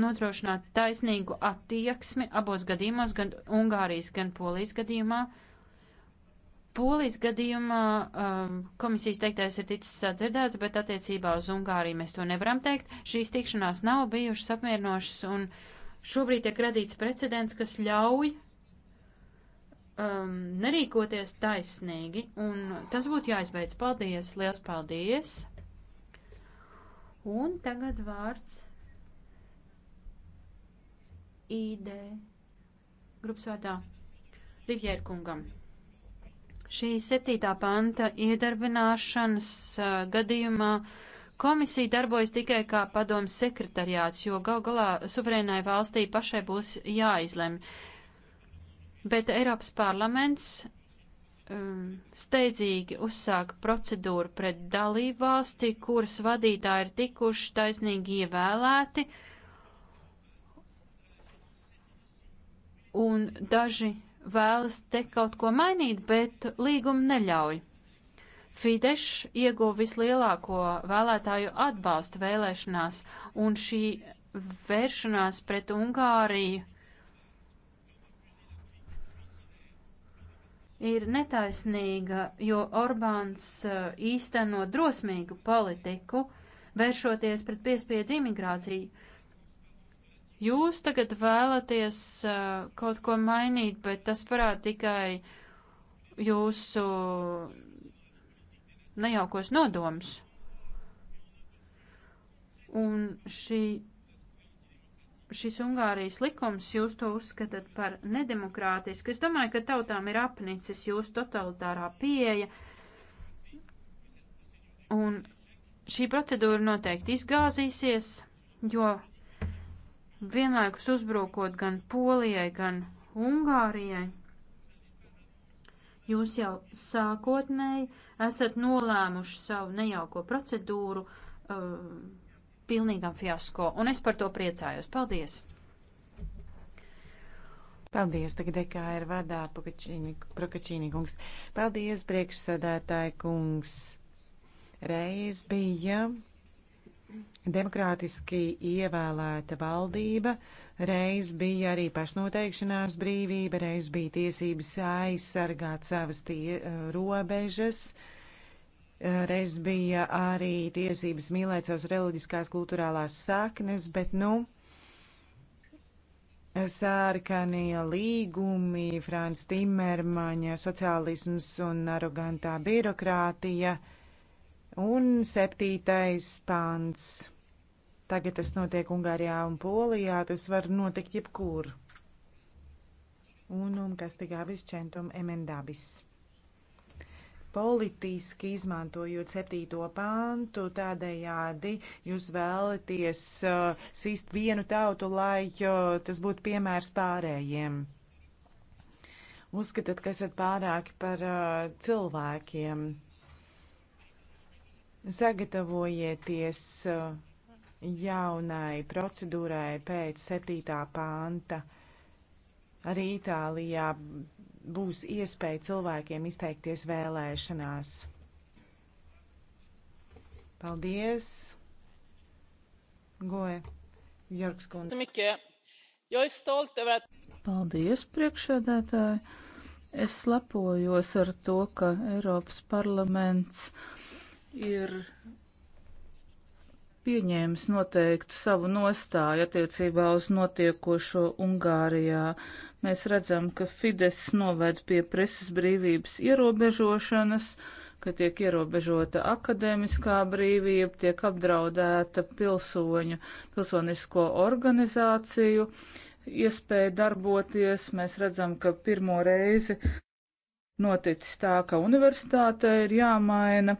nodrošināt taisnīgu attieksmi abos gadījumos, gan Ungārijas, gan Polijas gadījumā. Uh, Polijas gadījumā um, komisijas teiktais ir ticis sadzirdēts, uh, bet attiecībā uz Ungāriju mēs to nevaram teikt. Šīs tikšanās nav bijušas apmierinošas, un šobrīd tiek radīts precedents, kas ļauj um, nerīkoties taisnīgi, un tas būtu jāizbeidz. Paldies, liels paldies! Un tagad vārds ID grupas vārdā Rivjērkungam. kungam. Šī septītā panta iedarbināšanas uh, gadījumā komisija darbojas tikai kā padomas sekretariāts, jo gal galā suverēnai valstī pašai būs jāizlemj. Bet Eiropas parlaments um, steidzīgi uzsāka procedūru pret dalību valsti, kuras vadītāji ir tikuši taisnīgi ievēlēti, un daži vēlas te kaut ko mainīt, bet līguma neļauj. Fidesz ieguva vislielāko vēlētāju atbalstu vēlēšanās, un šī vēršanās pret Ungāriju ir netaisnīga, jo Orbāns uh, īsteno drosmīgu politiku, vēršoties pret piespiedu imigrāciju. Jūs tagad vēlaties uh, kaut ko mainīt, bet tas parāda tikai jūsu nejaukos nodomus. Un šī, šis Ungārijas likums jūs to uzskatāt par nedemokrātisku. Es domāju, ka tautām ir apnicis jūsu totalitārā pieeja. Un šī procedūra noteikti izgāzīsies, jo vienlaikus uzbrukot gan Polijai, gan Ungārijai. Jūs jau sākotnēji esat nolēmuši savu nejauko procedūru uh, pilnīgam fiasko, un es par to priecājos. Paldies!
Paldies, tagad EKR vārdā Prokačīni kungs. Paldies, priekšsēdētāji kungs. Reiz bija Demokrātiski ievēlēta valdība, reiz bija arī pašnoteikšanās brīvība, reiz bija tiesības aizsargāt savas tie, eh, robežas, eh, reiz bija arī tiesības mīlēt savas reliģiskās kultūrālās saknes, bet nu sārkanie līgumi, Frāns Timermaņa, sociālisms un arogantā birokrātija un septītais pants. Tagad tas notiek Ungārijā un Polijā, tas var notikt jebkur. Unum castigavis centum emendabis. Politiski izmantojot septīto pantu, tādējādi jūs vēlaties uh, sīst vienu tautu, lai uh, tas būtu piemērs pārējiem uzskatāt, ka esat pārāki par uh, cilvēkiem. Sagatavojieties uh, jaunai procedūrai pēc 7. panta. Arī Itālijā būs iespēja cilvēkiem izteikties vēlēšanās. Paldies! Goe, Jorgs
Kundze. Paldies, priekšsēdētāji! Es lepojos ar to, ka Eiropas parlaments ir pieņēmis noteiktu savu nostāju attiecībā uz notiekošo Ungārijā. Mēs redzam, ka Fides noved pie preses brīvības ierobežošanas, ka tiek ierobežota akadēmiskā brīvība, tiek apdraudēta pilsoņu, pilsonisko organizāciju iespēja darboties. Mēs redzam, ka pirmo reizi noticis tā, ka universitātei ir jāmaina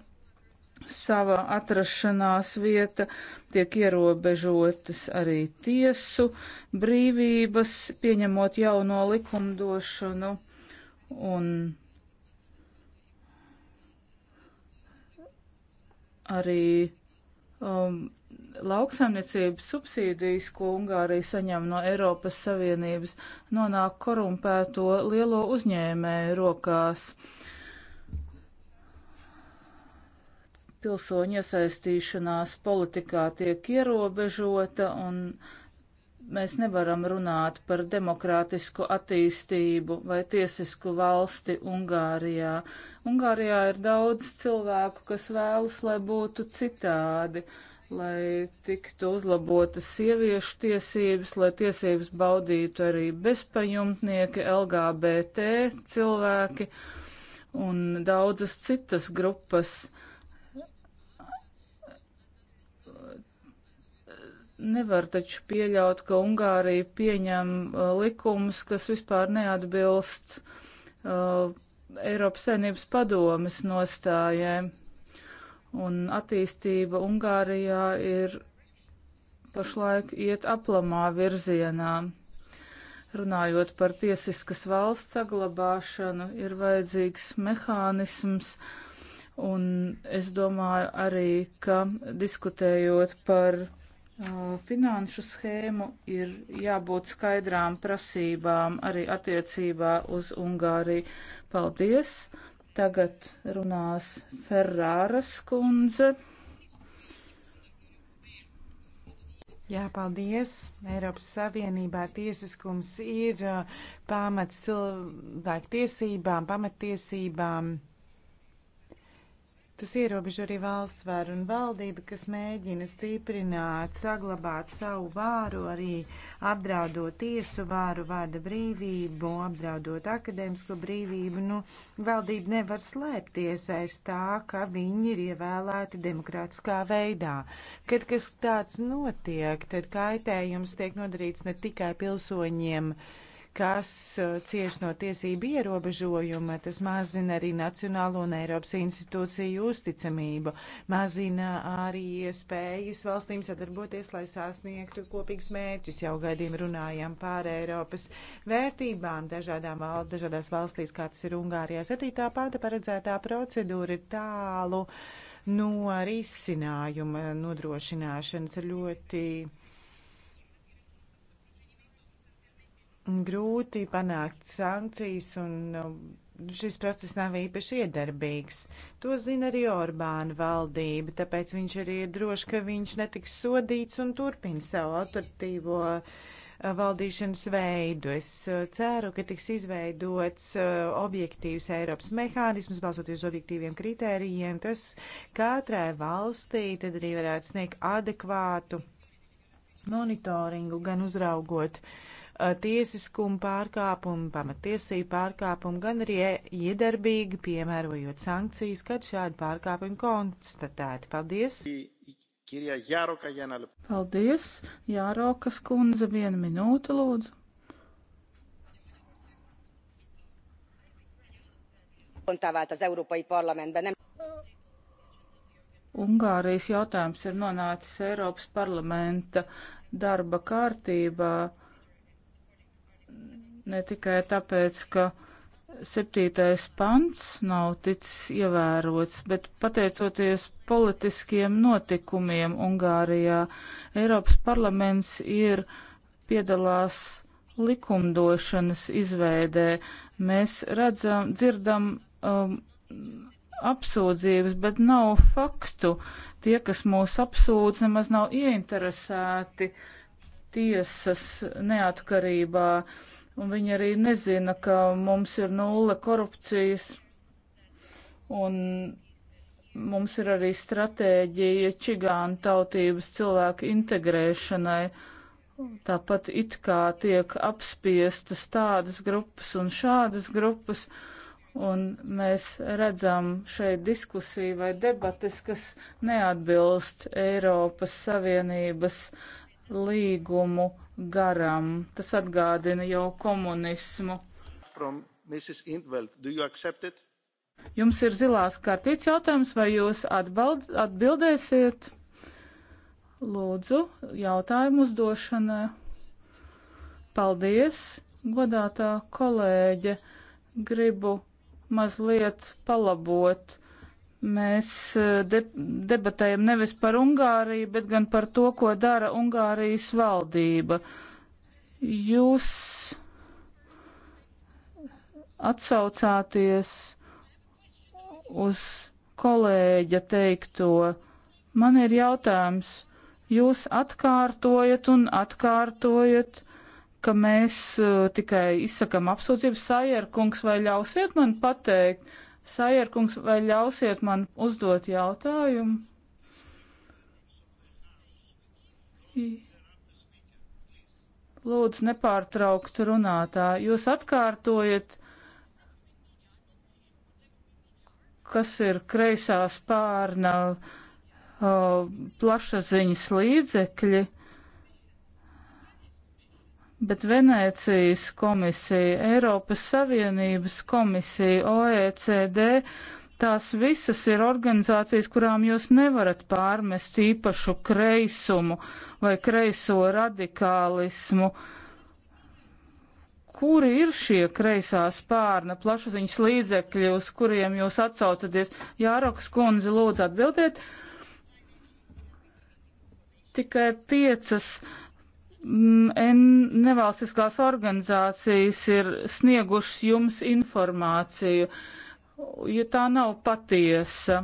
sava atrašanās vieta, tiek ierobežotas arī tiesu brīvības, pieņemot jauno likumdošanu un arī um, lauksaimniecības subsīdijas, ko Ungārija saņem no Eiropas Savienības, nonāk korumpēto lielo uzņēmēju rokās. Uh, pilsoņu iesaistīšanās politikā tiek ierobežota un mēs nevaram runāt par demokrātisku attīstību vai tiesisku valsti Ungārijā. Ungārijā ir daudz cilvēku, kas vēlas, lai būtu citādi, lai tiktu uzlabotas sieviešu tiesības, lai tiesības baudītu arī bezpajumtnieki, LGBT cilvēki un daudzas citas grupas. Uh, Nevar taču pieļaut, ka Ungārija pieņem uh, likumus, kas vispār neatbilst uh, Eiropas saimnības padomes nostājai. Un attīstība Ungārijā ir pašlaik iet aplamā virzienā. Runājot par tiesiskas valsts saglabāšanu, ir vajadzīgs mehānisms, un es domāju arī, ka diskutējot par Finanšu schēmu ir jābūt skaidrām prasībām arī attiecībā uz Ungāriju. Paldies! Tagad
runās Ferrāras kundze. Jā, paldies. Eiropas Savienībā tiesiskums ir pamats cilvēku tiesībām, pamatiesībām. Tas ierobežo arī valsts varu un valdību, kas mēģina stiprināt, saglabāt savu vāru, arī apdraudot tiesu vāru, vārda brīvību, apdraudot akadēmisko brīvību. Nu, valdība nevar slēpties aiz tā, ka viņi ir ievēlēti demokrātiskā veidā. Kad kas tāds notiek, tad kaitējums tiek nodarīts ne tikai pilsoņiem. Uh, kas uh, cieš no tiesību ierobežojuma. Tas mazina arī Nacionālo un Eiropas institūciju uzticamību, mazina arī iespējas valstīm sadarboties, lai sasniegtu kopīgus mērķus. Jau gadiem runājam pār Eiropas vērtībām dažādām, dažādās valstīs, kā tas ir Ungārijā. 7. pānta paredzētā procedūra ir tālu no risinājuma nodrošināšanas ļoti grūti panākt sankcijas un um, šis process nav īpaši iedarbīgs. To zina arī Orbāna valdība, tāpēc viņš arī ir drošs, ka viņš netiks sodīts un turpina savu autoritīvo uh, valdīšanas veidu. Es uh, ceru, ka tiks izveidots uh, objektīvs Eiropas mehānisms, balsoties uz objektīviem kritērijiem. Tas katrai valstī tad arī varētu sniegt adekvātu monitoringu, gan uzraugot uh, Eh, tiesiskumu pārkāpumu, pamatiesību pārkāpumu, gan arī e, iedarbīgi piemērojot sankcijas, kad šādi pārkāpumi konstatēti. Paldies!
Paldies! Jārokas kundze, vienu minūti lūdzu. Ungārijas jautājums ir nonācis Eiropas parlamenta darba kārtībā. Ne tikai tāpēc, ka septītais pants nav ticis ievērots, bet pateicoties politiskiem notikumiem Ungārijā, Eiropas parlaments ir piedalās likumdošanas izveidē. Mēs redzam, dzirdam um, apsūdzības, bet nav faktu. Tie, kas mūs apsūdz, nemaz nav ieinteresēti tiesas neatkarībā. Uh, un viņi arī nezina, ka mums ir nulle korupcijas, un mums ir arī stratēģija čigānu tautības cilvēku integrēšanai. Tāpat it kā tiek apspiestas tādas grupas un šādas grupas, un mēs redzam šeit diskusiju vai debates, kas neatbilst Eiropas Savienības līgumu garam. Tas atgādina jau komunismu. Intveld, Jums ir zilās kartītes jautājums, vai jūs atbald, atbildēsiet? Lūdzu, jautājumu uzdošanai. Paldies, godātā kolēģe. Gribu mazliet palabot Mēs eh, de debatējam nevis par Ungāriju, bet gan par to, ko dara Ungārijas valdība. Jūs atsaucāties uz kolēģa teikto. Man ir jautājums, jūs atkārtojat un atkārtojat, ka mēs uh, tikai izsakam apsūdzības, Sajerkungs, vai ļausiet man pateikt, Sajerkungs, vai ļausiet man uzdot jautājumu? Lūdzu, nepārtraukt runātā. Jūs atkārtojat, kas ir kreisā spārna uh, plašsaziņas līdzekļi bet Venēcijas komisija, Eiropas Savienības komisija, OECD, tās visas ir organizācijas, kurām jūs nevarat pārmest īpašu kreisumu vai kreiso radikālismu. Kuri ir šie kreisā spārna plašsaziņas līdzekļi, uz kuriem jūs atsaucaties? Jāroks kundze, lūdzu atbildiet. Tikai piecas uh, nevalstiskās organizācijas ir sniegušas jums informāciju, jo tā nav patiesa.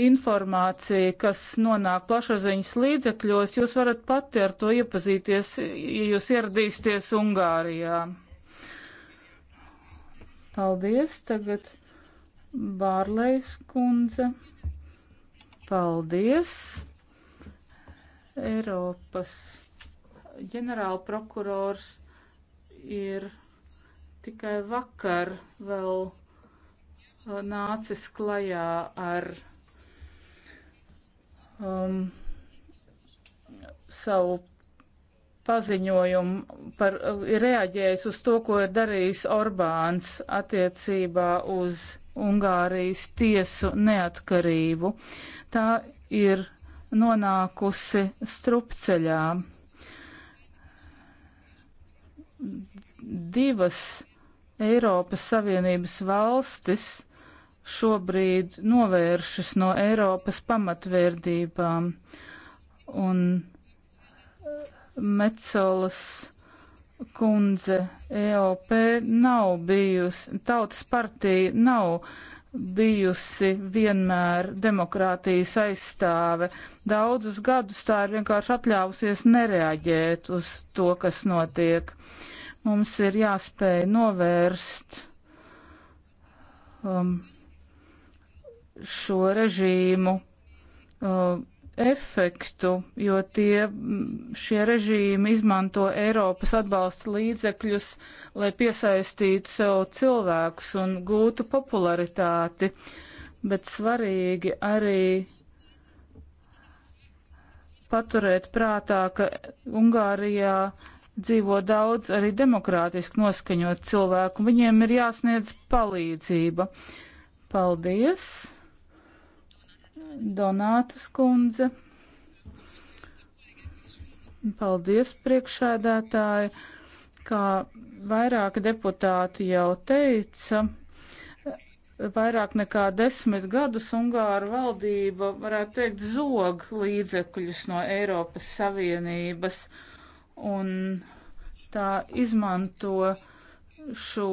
Informācija, kas nonāk plašsaziņas līdzekļos, jūs varat pati ar to iepazīties, ja jūs ieradīsieties Ungārijā. Paldies, tagad Bārleis kundze. Paldies, Eiropas ģenerāla prokurors ir tikai vakar vēl uh, nācis klajā ar um, savu paziņojumu par, uh, ir reaģējis uz to, ko ir darījis Orbāns attiecībā uz Ungārijas tiesu neatkarību. Tā ir nonākusi strupceļā divas Eiropas Savienības valstis šobrīd novēršas no Eiropas pamatvērdībām. Un Metzolas kundze EOP nav bijusi, tautas partija nav bijusi vienmēr demokrātijas aizstāve. Daudzus gadus tā ir vienkārši atļāvusies nereaģēt uz to, kas notiek. Mums ir jāspēj novērst um, šo režīmu. Um, efektu, jo tie šie režīmi izmanto Eiropas atbalsta līdzekļus, lai piesaistītu sev cilvēkus un gūtu popularitāti, bet svarīgi arī paturēt prātā, ka Ungārijā dzīvo daudz arī demokrātiski noskaņot cilvēku, viņiem ir jāsniedz palīdzība. Paldies! Donātas kundze. Paldies, priekšēdētāji. Kā vairāki deputāti jau teica, vairāk nekā desmit gadus Ungāra valdība, varētu teikt, zog līdzekļus no Eiropas Savienības un tā izmanto šo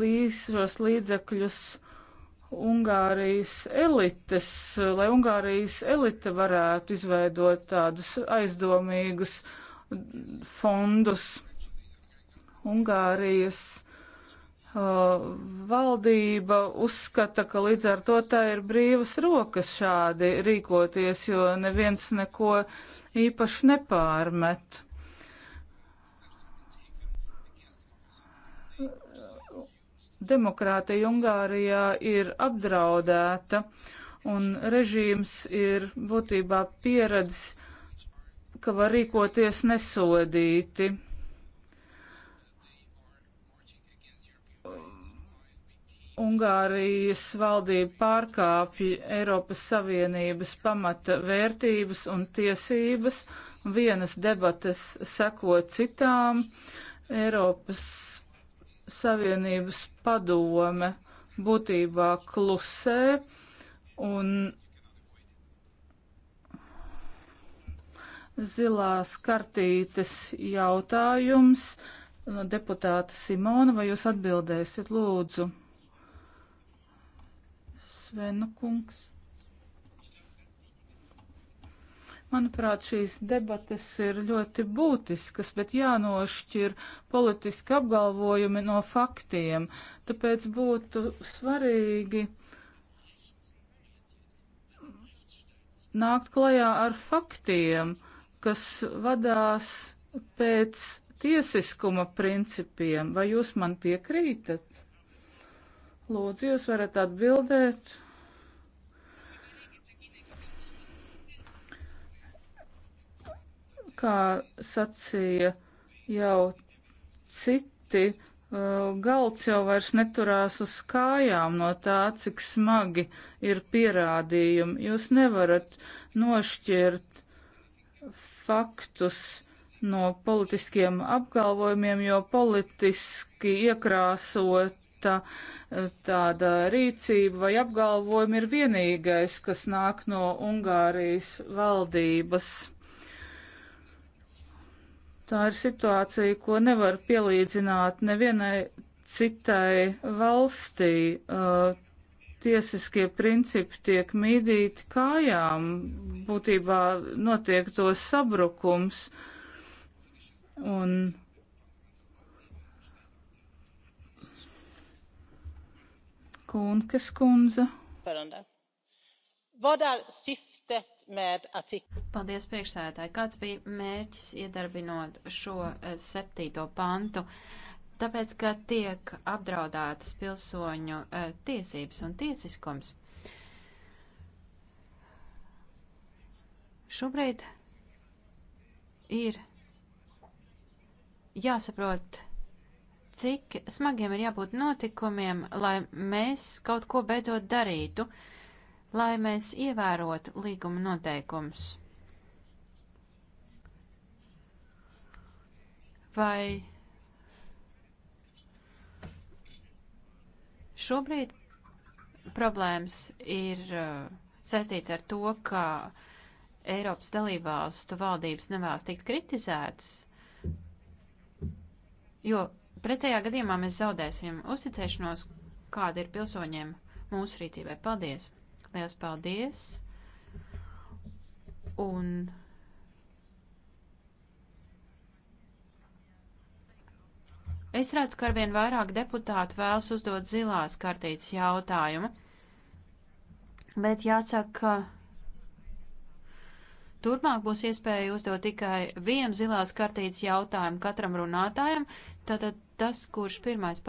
līdzekļus Ungārijas elites, lai Ungārijas elite varētu izveidot tādus aizdomīgus fondus. Ungārijas uh, valdība uzskata, ka līdz ar to tā ir brīvas rokas šādi rīkoties, jo neviens neko īpaši nepārmet. demokrātija Ungārijā ir apdraudēta un režīms ir būtībā pieredzis, ka var rīkoties nesodīti. Ungārijas valdība pārkāpj Eiropas Savienības pamata vērtības un tiesības, vienas debates seko citām. Eiropas Savienības padome būtībā klusē un zilās kartītes jautājums no deputāta Simona, vai jūs atbildēsiet, lūdzu? Svenu kungs. Manuprāt, šīs debates ir ļoti būtiskas, bet jānošķir politiski apgalvojumi no faktiem. Tāpēc būtu svarīgi nākt klajā ar faktiem, kas vadās pēc tiesiskuma principiem. Vai jūs man piekrītat? Lūdzu, jūs varat atbildēt. Kā sacīja jau citi, uh, galds jau vairs neturās uz kājām no tā, cik smagi ir pierādījumi. Jūs nevarat nošķirt faktus no politiskiem apgalvojumiem, jo politiski iekrāsota uh, tāda rīcība vai apgalvojumi ir vienīgais, kas nāk no Ungārijas valdības. Tā ir situācija, ko nevar pielīdzināt nevienai citai valstī. Uh, tiesiskie principi tiek mīdīti kājām, būtībā notiek to sabrukums. Un Kūnkas kundze.
Parundā. Paldies priekšsēdētāji. Kāds bija mērķis iedarbinot šo eh, septīto pantu? Tāpēc, ka tiek apdraudētas pilsoņu eh, tiesības un tiesiskums. Šobrīd ir jāsaprot, cik smagiem ir jābūt notikumiem, lai mēs kaut ko beidzot darītu. Uh, lai mēs ievērotu līguma noteikumus. Vai šobrīd problēmas ir uh, saistīts ar to, ka Eiropas dalībvalstu valdības nevēlas tikt kritizētas, jo pretējā gadījumā mēs zaudēsim uzticēšanos, kāda ir pilsoņiem mūsu rīcībai. Paldies! Lielas paldies! Un es redzu, ka arvien vairāk deputāti vēlas uzdot zilās kartītes jautājumu, bet jāsaka, ka turpmāk būs iespēja uzdot tikai vienu zilās kartītes jautājumu katram runātājam, tātad tas, kurš pirmais